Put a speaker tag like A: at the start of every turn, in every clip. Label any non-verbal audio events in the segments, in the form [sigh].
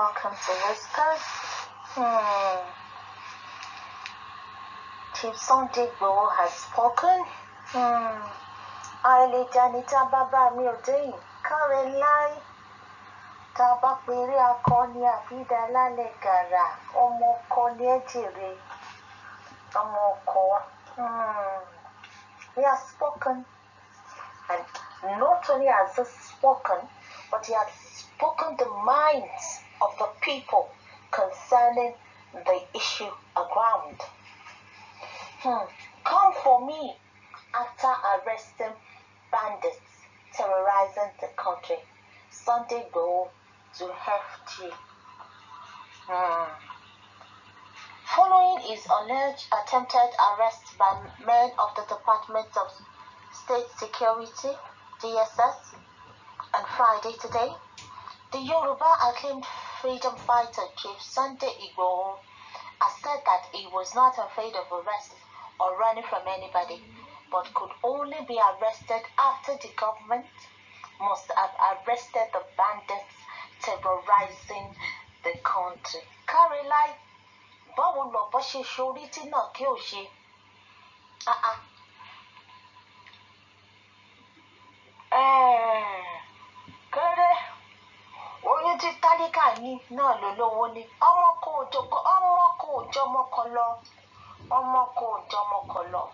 A: welcome to discuss hmm. Chipson Digbo has spoken. Hmm. I Àìlè jàníta bàbá mi ò dẹ́yìn káre láì. Tá a bá pèrè akọni àbídá lálẹ́ gàrà ọmọ ọkọ ni ẹ jèrè ọmọ ọkọ Hmm. He has spoken and not only has he spoken but he has spoken the minds of the people concerning the issue aground. Hmm. Come for me after arresting bandits terrorizing the country. Sunday go to hefty. Hmm. Following his alleged attempted arrest by men of the Department of State Security, DSS, on Friday today, the Yoruba acclaimed freedom fighter Chief Sunday Igboho has said that he was not afraid of arrest or running from anybody, but could only be arrested after the government must have arrested the bandits terrorizing the country. Kárí láì báwo lọ̀bọ ṣe ṣorí tí náà kí ò ṣe? Uh-uh. Uh, tí tálíkà ní náà ló lówó ní ọmọ kò jọkọ ọmọ kò jọmọkọ lọ ọmọ kò jọmọkọ lọ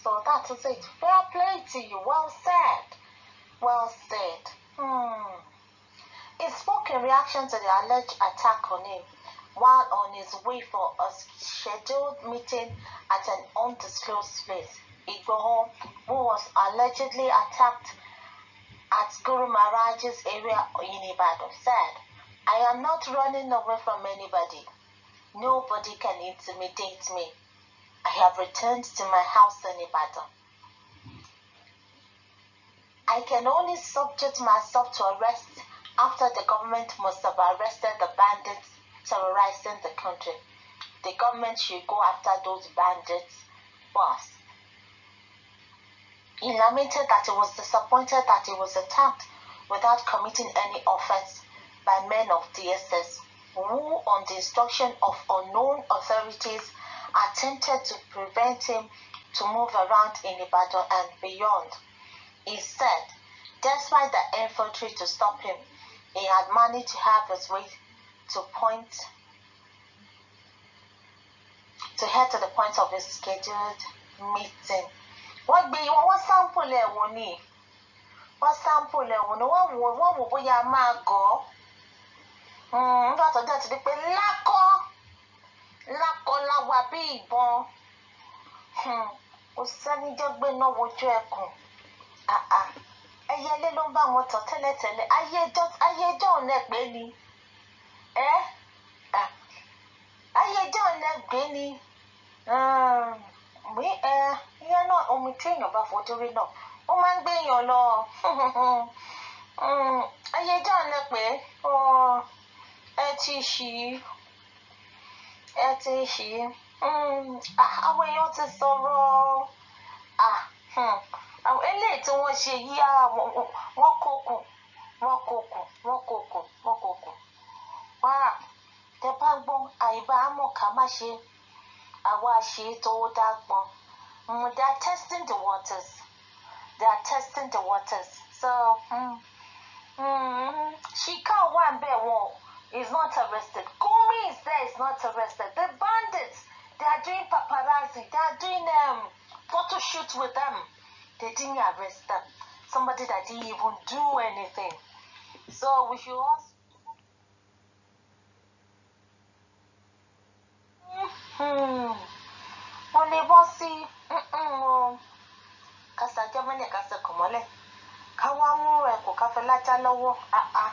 A: so that is it Well played, to you well said well said hmm. he spoke in reaction to the alleged attack on him while on his way for a scheduled meeting at an undisclosed place Igboho who was allegedly attacked at Guru Maharaj's area in Ibadan said I am not running away from anybody. Nobody can intimidate me. I have returned to my house in Ibadan. I can only subject myself to arrest after the government must have arrested the bandits terrorizing the country. The government should go after those bandits first. He lamented that he was disappointed that he was attacked without committing any offense by men of DSS who, on the instruction of unknown authorities, attempted to prevent him to move around in Ibadan and beyond. He said, despite the infantry to stop him, he had managed to have his way to point to head to the point of his scheduled meeting. What be? wọ́n sáǹpù lẹ̀ wò ní wọ́n sáǹpù lẹ̀ wò what wọ́n wò wọ́n nígbà tó dẹ̀ ti di pé lákọ́ lákọ́ láwa bí ìbọn hmm, kò sẹ́nijẹ́gbé náà wojú ẹkùn ẹyẹlé ló ń bá wọn tàn tẹ́lẹ̀tẹ́lẹ̀ ayéjọ́ ọ̀nẹ́gbẹ́ ni ayéjọ́ ọ̀nẹ́gbẹ́ ni hmm, ìyẹn náà omi tí èèyàn bá fojú rí náà ó máa ń gbé èèyàn lọ [laughs] hmm, ayéjọ́ ọ̀nẹ́gbẹ́ ọ̀ọ́ ẹ ti ṣì í ẹ ti ṣì í àwọn èèyàn ti sọ̀rọ̀ ah, hmm. eléyìí tí wọ́n ṣe yí ah, wọ́n kò kù wọ́n kò kù wọ́n kò kù wọ́n kò kù wàrà tẹ bá gbọ́n àìbá mọ̀ ká má ṣe àwa ṣe tó dá gbọ́n hmm, they are testing the waters they are testing the waters so ṣìkà hmm, wà ń bẹ̀ wọ́n o. He's not arrested. Kumi is there, he's not arrested. The bandits, they are doing paparazzi, they are doing um, photo shoots with them. They didn't arrest them. Somebody that didn't even do anything. So we should also. Mm-hmm. wọ́n lè bọ́ sí kásá germany kásá kọ̀mọ́lẹ̀ káwá mú ẹ̀kọ́ káfẹ́ lájà lọ́wọ́ áá. Ah, ah.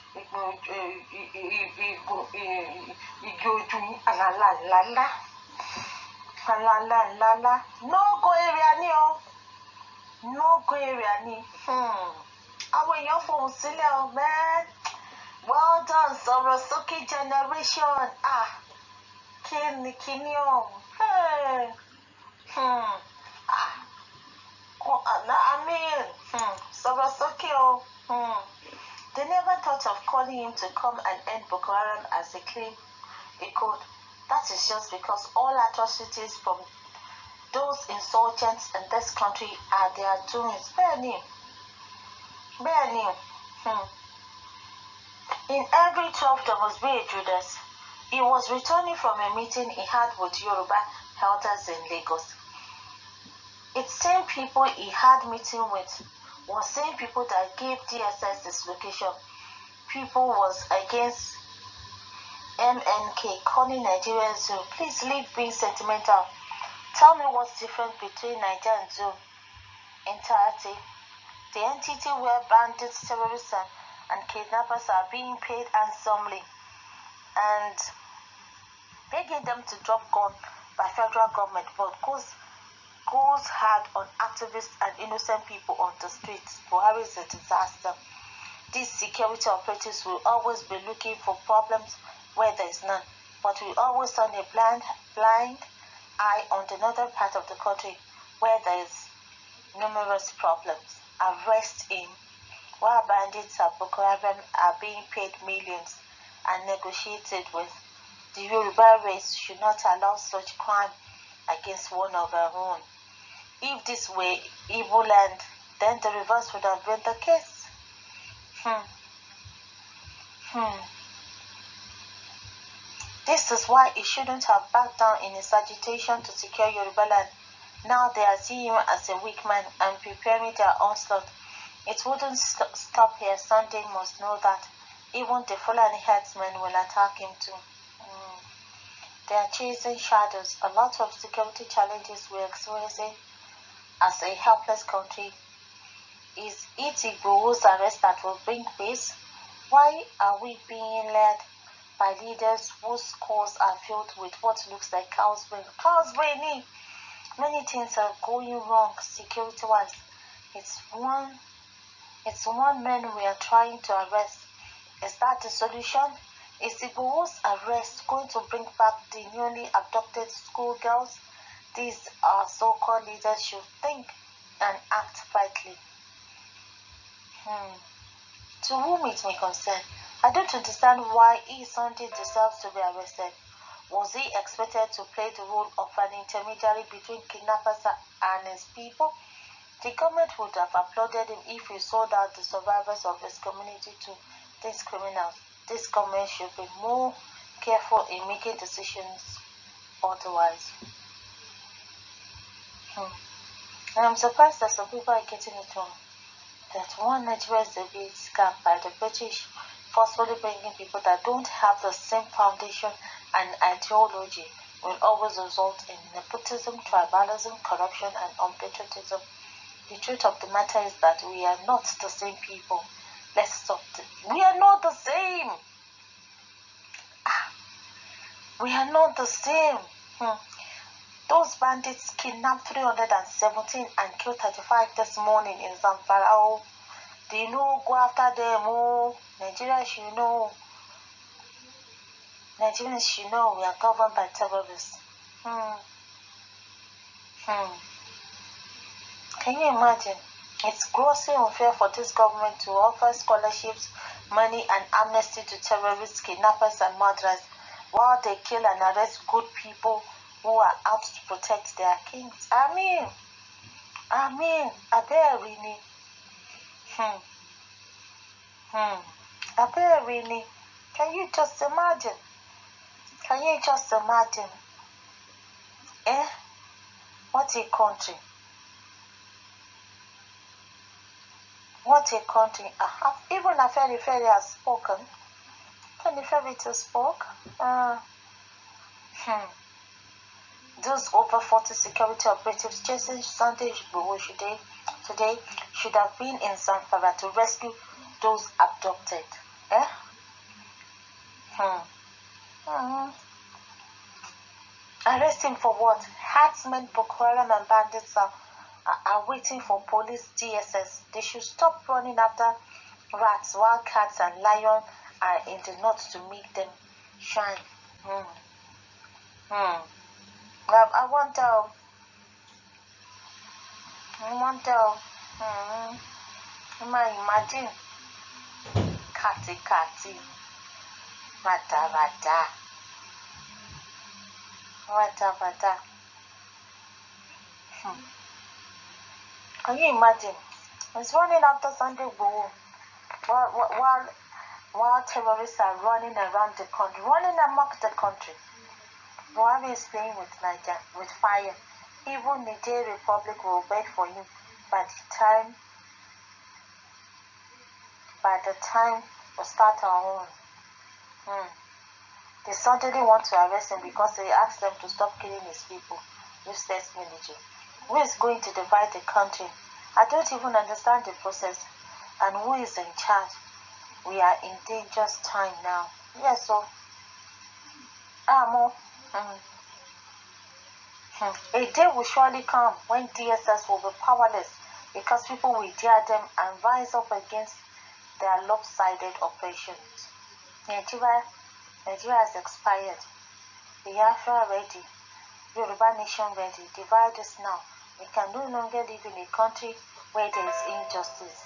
A: igi ojú yín àlàlàlá àlàlàlá nógo area ni o nógo area ni àwọn èèyàn fohùn sílẹ̀ o bẹ́ẹ̀ well done sọ̀rọ̀ sókè generation ah kí ni kí ni ọ̀hún ah I mean sọ̀rọ̀ sókè o. thought of calling him to come and end Boko Haram as a claim a code. That is just because all atrocities from those insurgents in this country are their doings. Barely. Barely. Hmm. In every 12, there must be a Judas. He was returning from a meeting he had with Yoruba elders in Lagos. It's same people he had meeting with was same people that gave DSS his location people was against MNK, calling Nigeria Zoom. Please leave being sentimental. Tell me what's different between Nigeria and Zoom entirety. The entity where bandits, terrorists, and, and kidnappers are being paid handsomely and begging them to drop gun by federal government, but goes, goes hard on activists and innocent people on the streets. Buhari is a disaster. These security operatives will always be looking for problems where there is none, but we always turn a blind, blind eye on the northern part of the country where there is numerous problems. Arrest him, while bandits at Boko Haram are being paid millions and negotiated with. The Yoruba race should not allow such crime against one of our own. If this were Igbo land, then the reverse would have been the case. Hmm. Hmm. This is why he shouldn't have backed down in his agitation to secure your balance. Now they are seeing him as a weak man and preparing their onslaught. It wouldn't st stop here. Sunday must know that. Even the Fulani headsmen will attack him too. Mm. They are chasing shadows. A lot of security challenges we're experiencing as a helpless country is it Igbo's arrest that will bring peace? Why are we being led by leaders whose schools are filled with what looks like cow's brain? Cow's brain! Many things are going wrong security-wise. It's one, it's one man we are trying to arrest. Is that the solution? Is Igbo's arrest going to bring back the newly abducted schoolgirls? These are so-called leaders should think and act rightly. Hmm. To whom it may concern, I don't understand why E. Sunday deserves to be arrested. Was he expected to play the role of an intermediary between kidnappers and his people? The government would have applauded him if he sold out the survivors of his community to these criminals. This government should be more careful in making decisions otherwise. Hmm. And I'm surprised that some people are getting it wrong that one Nigeria is being scammed by the British, forcefully bringing people that don't have the same foundation and ideology will always result in nepotism, tribalism, corruption, and unpatriotism. The truth of the matter is that we are not the same people. Let's stop this. We are not the same. Ah, we are not the same. Hmm. Those bandits kidnapped 317 and killed 35 this morning in Zamfarao. Oh. They know go after them. Oh, Nigeria should know. Nigerians should know we are governed by terrorists. Hmm. Hmm. Can you imagine? It's grossly unfair for this government to offer scholarships, money, and amnesty to terrorists, kidnappers, and murderers while they kill and arrest good people who are out to protect their kings. I mean, Are they really? Hmm. Hmm. Are they really? Can you just imagine? Can you just imagine? Eh? What a country. What a country. I have, even a fairy fairy has spoken. Can you fairy to spoke? Uh, hmm. Those over 40 security operatives chasing Sunday Igboho today, today should have been in Zamfara to rescue those abducted. Eh? Hmm. hmm. for what? Herdsmen, Boko and bandits are, are, are waiting for police DSS. They should stop running after rats, wildcats, and lions are in the north to make them shine. Hmm. Hmm. Well, I want to. I want to. Hmm. Imagine. Kati kati. Vata vata. Vata vata. Hmm. Can you imagine? It's running after Sunday Bowl while, while, while terrorists are running around the country, running amok the country. Moab is playing with Niger uh, with fire. Even Niger Republic will wait for him by the time by the time we start our own. Hmm. They suddenly want to arrest him because they asked them to stop killing his people. Useless military. Who is going to divide the country? I don't even understand the process and who is in charge. We are in dangerous time now. Yes, so. Amo. Ah, Hmm. Hmm. A day will surely come when DSS will be powerless because people will dare them and rise up against their lopsided operations. Nigeria, Nigeria has expired. Biafra ready. Yoruba nation ready. Divide us now. We can no longer live in a country where there is injustice.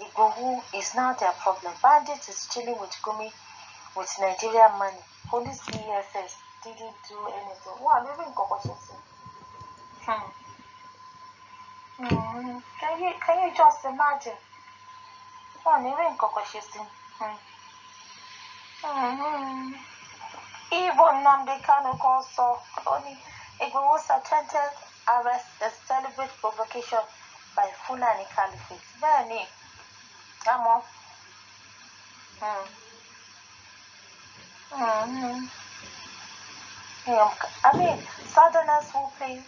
A: Igbohu is now their problem. Bandit is chilling with Gumi with Nigerian money. police EFS didn't do anything wọn àbí even nǹkan kan ṣe sí. Can you can you just imagine? Wọ́n ní rí nǹkan kan ṣe sí. Ibo Nnamdi Kanu kan sọ ó ní Igboho's attempted arrest is deliberate provocation by Fulani Caliphate. Bẹ́ẹ̀ Come on. Hmm.
B: Mm-hmm.
A: Yeah, hmm. hmm, I mean, southerners who play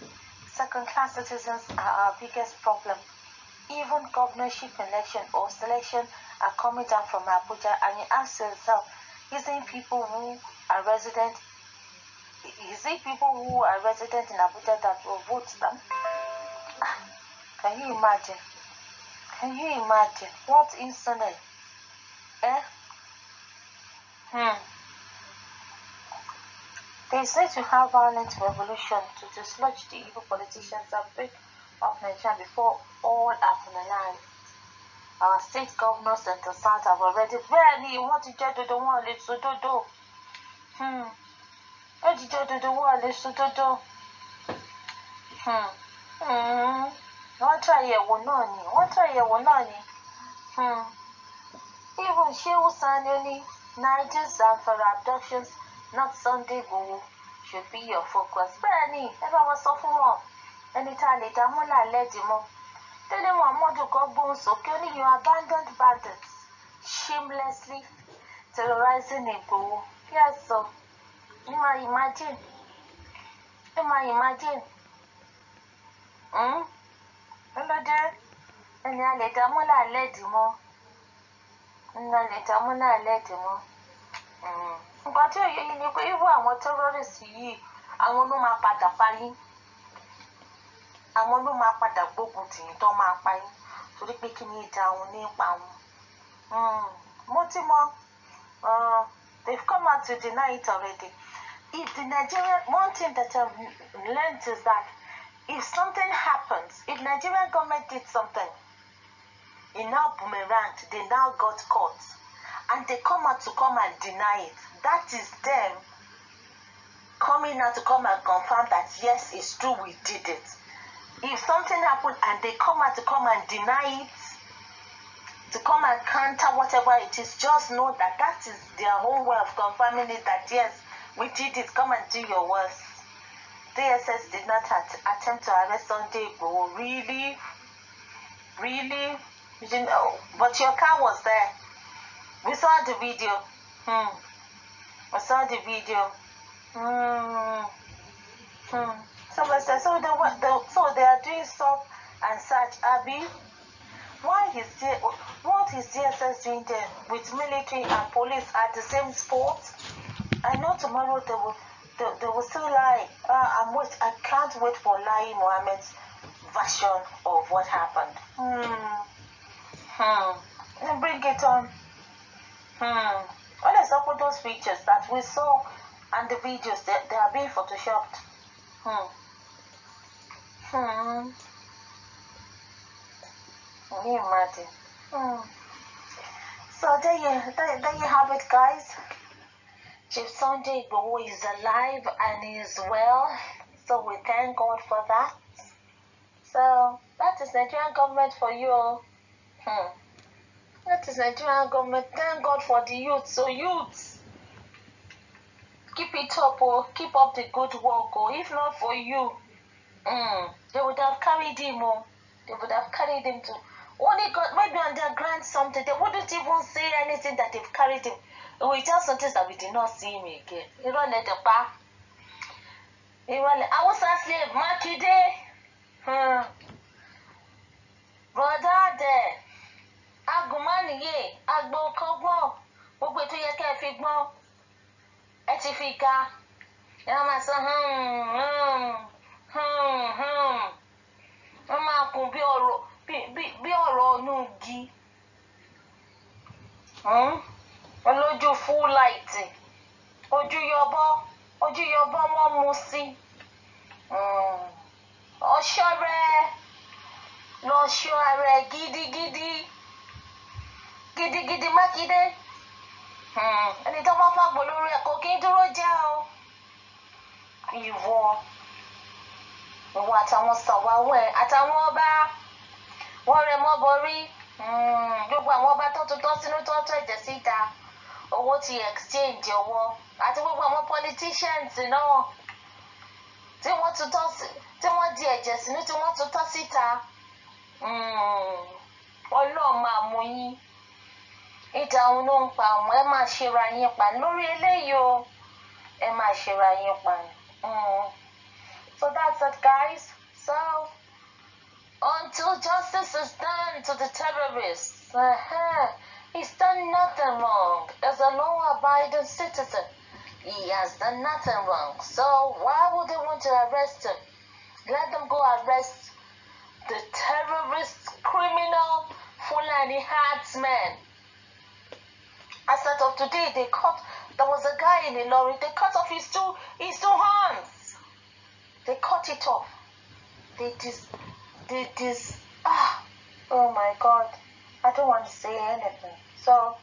A: second class citizens are our biggest problem. Even governorship election or selection are coming down from Abuja, and you ask yourself, is not people who are resident? Is it people who are resident in Abuja that will vote them? Can you imagine? Can you imagine what incident? Eh? Hmm. He is to have violent revolution to dislodge the evil politicians and break up Nigeria before all are finalized. Our state governors and the South have already barely hmm. hmm. hmm. wọ́n ti jẹ́ dodo wọn lè so dodo. Wọ́n ti jẹ́ do wọn lè so dodo. Wọ́n tún àyẹ̀wò náà ni. Wọ́n tún àyẹ̀wò náà Hmm. Even she was ní Niger's and for abductions not Sunday go should be your focus bẹ́ẹ̀ ni ẹ bá wọn sọ fún wọn ẹni tá a lè dá múlà lẹ́ẹ̀dì mọ́ tẹ́lẹ̀ muhammadu kan gbóhùn sókè ó ní you abandoned bandits shamelessly terrorizing Igboho yes o you ma imagine you ma imagine ńlọdẹ hmm? ẹni a lè dá múlà lẹ́ẹ̀dì mọ́ ẹni a lè dá múlà lẹ́ẹ̀dì mọ́ ìgbà tí òye yìí ni pé irú àwọn terrorist yìí àwọn ló máa padà pa yín àwọn ló máa padà gbógun tì yín tó máa pa yín torí pé kí ni ìjà òun ní pa wọn. Hmm, mo ti mọ uh, they've come out to deny it already if the Nigerian one thing that I've learned is that if something happens if Nigerian government did something e now boomerang they now got caught and they come out to come and deny it. That is them coming out to come and confirm that yes, it's true, we did it. If something happened and they come out to come and deny it, to come and counter whatever it is, just know that that is their own way of confirming it that yes, we did it, come and do your worst. DSS did not at- attempt to arrest Sunday Igboho. Really? Really? You know, but your car was there. We saw the video. Hmm. I saw the video. Hmm. Hmm. Someone said, so they, what, so they are doing stuff and such, Abby. Why is there, what is DSS doing there with military and police at the same spot? I know tomorrow they will, they, they will still lie. Uh, I'm wait, I can't wait for lying Mohammed's version of what happened. Hmm. Hmm. bring it on. Hmm. What is up with those pictures that we saw and the videos? They, they are being photoshopped. Hmm. Hmm. Can you imagine? Hmm. So there you, there, there you have it, guys. Chief Sunday Igboho is alive and is well. So we thank God for that. So that is Nigerian government for you. Hmm. That is Nigerian government. Thank God for the youth. So youth, keep it up, oh, keep up the good work, oh. If not for you, mm, they would have carried him, oh. They would have carried him to. Only God, maybe underground something. They wouldn't even say anything that they've carried him. We just noticed that we did not see him again. You know, let the back. You know, I was asleep. day. Hmm. Áfíríkà ẹ máa sọ wọ́n máa kún bí ọ̀rọ̀ bí ọ̀rọ̀ inú igi olójú full light ojú yọbọ ojú yọbọ wọ́n mú sí ọṣọ rẹ lọ ṣọ́ ara ẹ gidigidi gidigidi mákindé. Gidi, ẹni tó bá fàgbọ́ lórí ẹ̀ kò kí ń dúró jẹ́ o ìwọ ìwọ àtàwọn sàwáwọ̀ ẹ̀ àtàwọn ọba wọn rẹ mọ́ borí hmm, gbogbo àwọn ọba tó tutọ́ sínú tó tọ́ ẹ̀jẹ̀ síta owó ti exchange owó àti gbogbo àwọn politicians náà tí wọ́n tutọ́ sí tí wọ́n di ẹ̀jẹ̀ sínú tí wọ́n tutọ́ síta hmm, ọlọ́ọ̀ máa mú yín. ìjà òun ló ń pa òun ẹ máa ṣera yín pa lórí eléyìí o ẹ máa ṣera yín pa hmm. so that's it guys so until justice is done to the terrorists uh-huh. he's done nothing wrong as a law-abiding citizen he has done nothing wrong so why would they want to arrest him let them go arrest the terrorist criminal Fulani man. As that of today, they cut. there was a guy in a lorry, they cut off his two, his two hands. They cut it off. They dis, they dis, ah, oh my God. I don't want to say anything. So,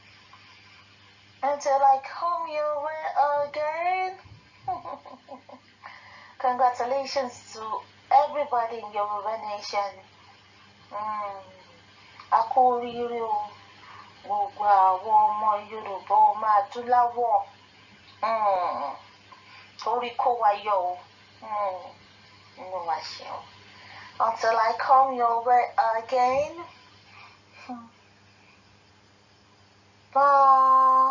A: until I come your way again, [laughs] congratulations to everybody in Yoruba Nation. Mm. you gbogbo àwọn ọmọ yorùbá hmm. kó o hmm. inú wa ṣeun until I come your way again. Hmm. Bye.